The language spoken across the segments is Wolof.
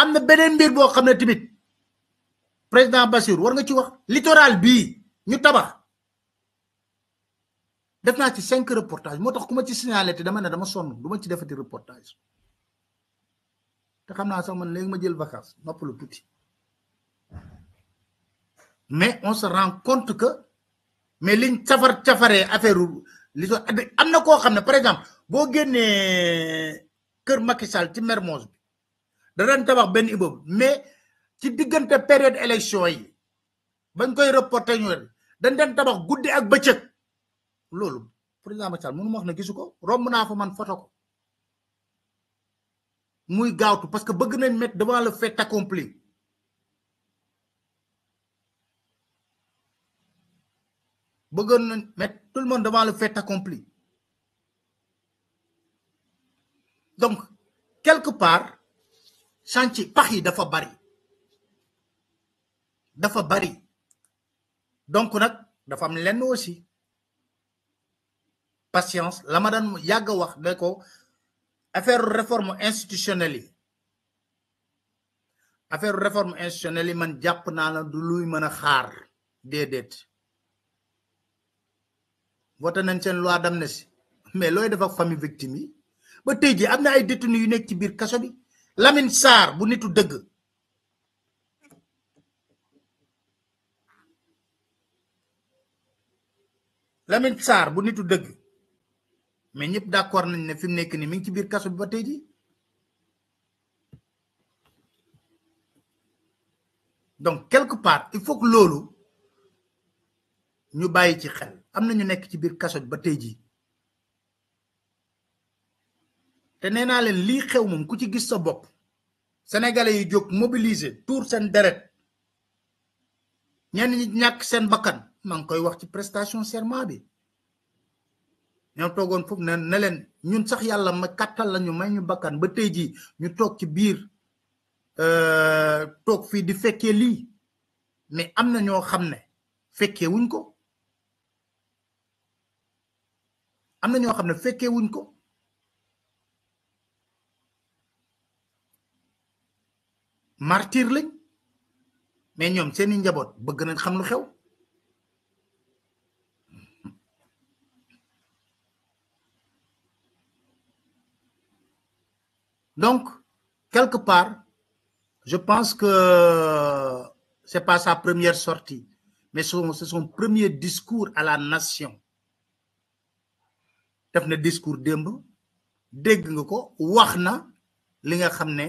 am na beneen mbir boo xam ne tamit président Bassirou war nga ci wax littoral bii ñu tabax def naa ci cinq reportage moo tax ku ma ci signalé te dama ne dama sonn du ma ci defati reportage te xam naa sax man léegi ma jël vacances noppalu tuuti mais on se rend compte que mais liñ cafar cafaree affaire li am na koo xam ne par exemple boo génnee kër makisal ci Mermoz da daan tabax benn immeuble mais ci diggante période élection yi bañ koy reporté ñu dañ daan tabax guddi ak bëccëg loolu président Macky Sall mënu wax na gisuko ko romb naa fa man photo ko muy gaawtu parce que bëgg nañ mettre devant le fait accompli bëggoon nañ mettre tout le monde devant le fait accompli donc quelque part chantier pax yi dafa bari dafa bari donc nag dafa am lenn aussi patience la ma daan yàgg wax ne ko affaire réforme institutionnelle yi affaire réforme institutionnelle yi man jàpp naa la du luy mën a xaar déedéet voté nañ seen loi d'amnistie mais looy def ak famille victime yi ba tey am na ay détenus yu nekk ci biir kaso bi lamin saar bu nitu dëgg Lamine Sarr bu nitu dëgg mais ñëpp d'accord nañ ne fi mu nekk ni mi ngi ci biir kaso ba tey ji donc quelque part il faut que loolu ñu bàyyi ci xel am na ñu nekk ci biir kaso bi ba tey ji te nee naa leen lii xew moom ku ci gis sa bopp sénégalais yi jóg mobiliser tour seen deret ñenn ñi ñàkk seen bakkan maa ngi koy wax ci prestation serment bi ñoo toogoon foofu ne ne leen ñun sax yàlla ma kattal lañu ñu may ñu bakkan ba tey jii ñu toog ci biir euh, toog fii di fekkee lii mais am na ñoo xam ne fekkee wuñ ko am na ñoo xam ne fekkee wuñ ko martyr mais ñom seeni njaboot bëgg nañ xam lu xew donc quelque part je pense que euh, c'est pas sa première sortie mais c'est son premier discours à la nation def un discours demb dégg nga ko wax na li nga xam ne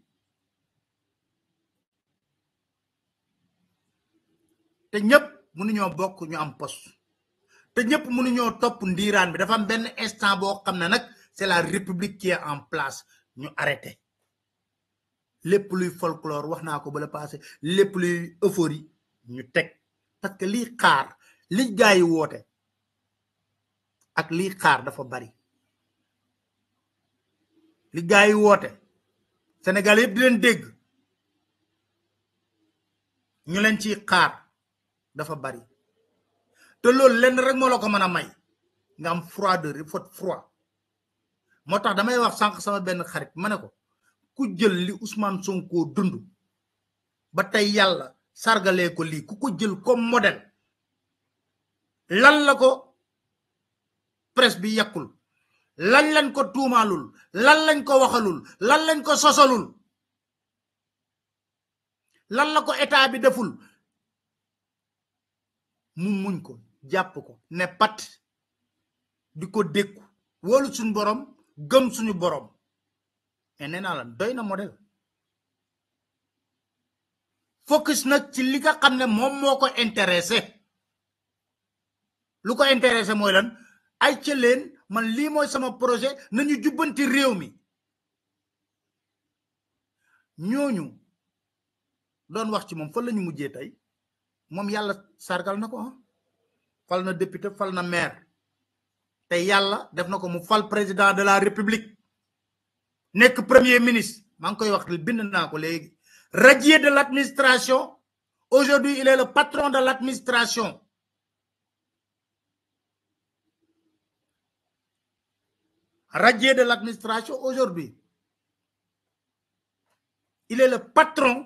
te ñëpp mënuñoo bokk ñu am poste te ñëpp mënuñoo topp ndiiraan bi dafa am benn instant boo xam ne nag c'est la république qui en place ñu arrêté lépp luy folklore wax naa ko ba la passé lépp luy euphorie ñu teg parce que liy xaar li woote ak liy xaar dafa bari li gaa woote Sénégal yëpp di leen dégg ñu leen ci xaar dafa bari te lol len rek mo lako meuna may nga am froideur il faut froid motax damay wax sank sama ben xarit maneko ko ku jël li Ousmane Sonko dundu ba tay yalla sargalé ko li ku ko jël comme model lan la ko presse bi yakul lan lañ ko tuumaalul lan lañ ko waxalul lan lañ ko sosolul lan la ko bi deful mu muñ ko japp ko ne pat diko ko wolu sun borom gem suñu borom enena la doyna na focus nak ci li nga xamne mom moko intéressé lu ko intéressé moy lan ay ci len man li moy sama projet nañu jubanti rew mi ñoñu doon wax ci mom fa lañu mujjé tay mom Yalla, sargal nako ko ah. fal na député fal maire té yalla def nako mu fal président de la république nek premier ministre mang koy wax bind nako ko de l'administration, aujourd'hui il est le patron de l'administration. administration de l'administration, aujourd'hui il est le patron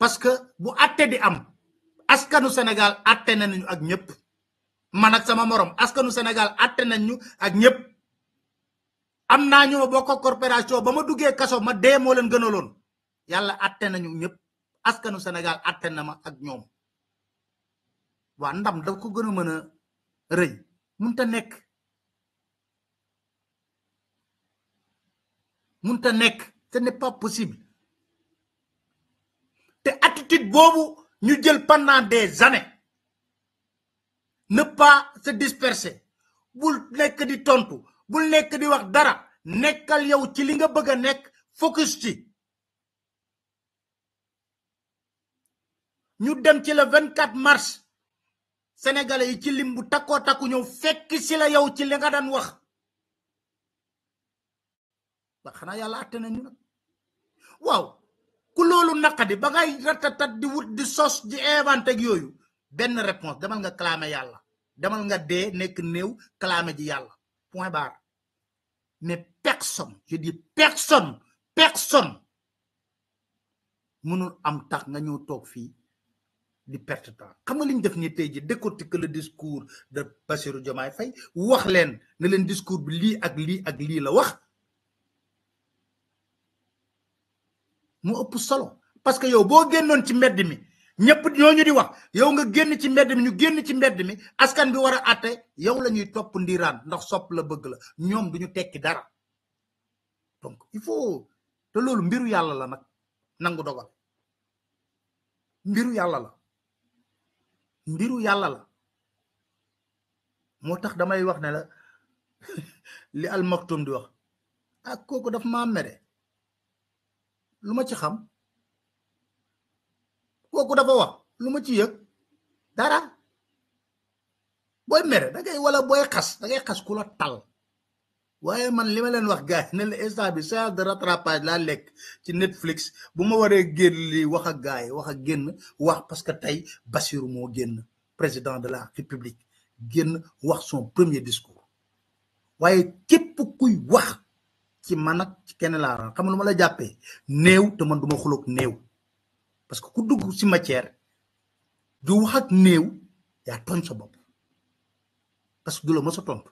parce que bu atte di am askanu Sénégal atte nañu ak ñëpp man sama morom askanu senegal atte nañu ak ñëpp am na ñu ma bokk corporation ba ma duggee kaso ma dee moo leen gënaloon yàlla atte nañu ñëpp askanu senegal atte na ma ak ñoom waa ndam da ko gën a mën a rëy munta nekk munta nekk ce n'est pas possible habitude bobu ñu jël pendant des années ne pas se disperser bul nek di tontu bul nek di wax dara nekkal yow ci li nga bëgg nek focus ci. ñu dem ci le 24 mars sénégalais yi ci limbu takko takkoo takku fekk ci la yow ci li nga daan wax ba xana yàlla àtte nañu nag waaw. ku loolu naqadi ba ngay ratatat di wut di sos di inventé ak yooyu benn réponse demal nga clamé yàlla demal nga dee nekk néew clamé ji yàlla point barre mais personne je dis personne personne mënul am tax nga ñëw toog fii di perte temps xam nga li ñu def ni tey ji décortique le discours de Bassirou Diomaye Faye wax leen ne leen discours bi lii ak lii ak lii la wax mu ëpp solo parce que yow boo génnoon ci mbedd mi ñëpp ñooñu di wax yow nga génn ci mbedd mi ñu génn ci mbedd mi askan bi war a atte yow la ñuy topp ndiraan ndax sopp la bëgg la ñoom duñu tekki dara donc il faut te loolu mbiru yàlla la nag nangu dogal mbiru yàlla la mbiru yàlla la moo tax damay wax ne la li al maktum di wax ak ah kooku daf maa mere luma ci xam dafa ci dara Boy mere da ngay wala boy da ngay tal waye man lima vous wax bi de Netflix buma waré waree li wax ak gaay wax ak genn parce que président de la République genn wax son premier discours waye képp kuy ci man ak ci kenn laa xama xam ma la jàppee néew te man duma ma xuloog néew parce que ku dugg si matière du wax ak néew yaa tooñ sa bopp parce que dula la mës tontu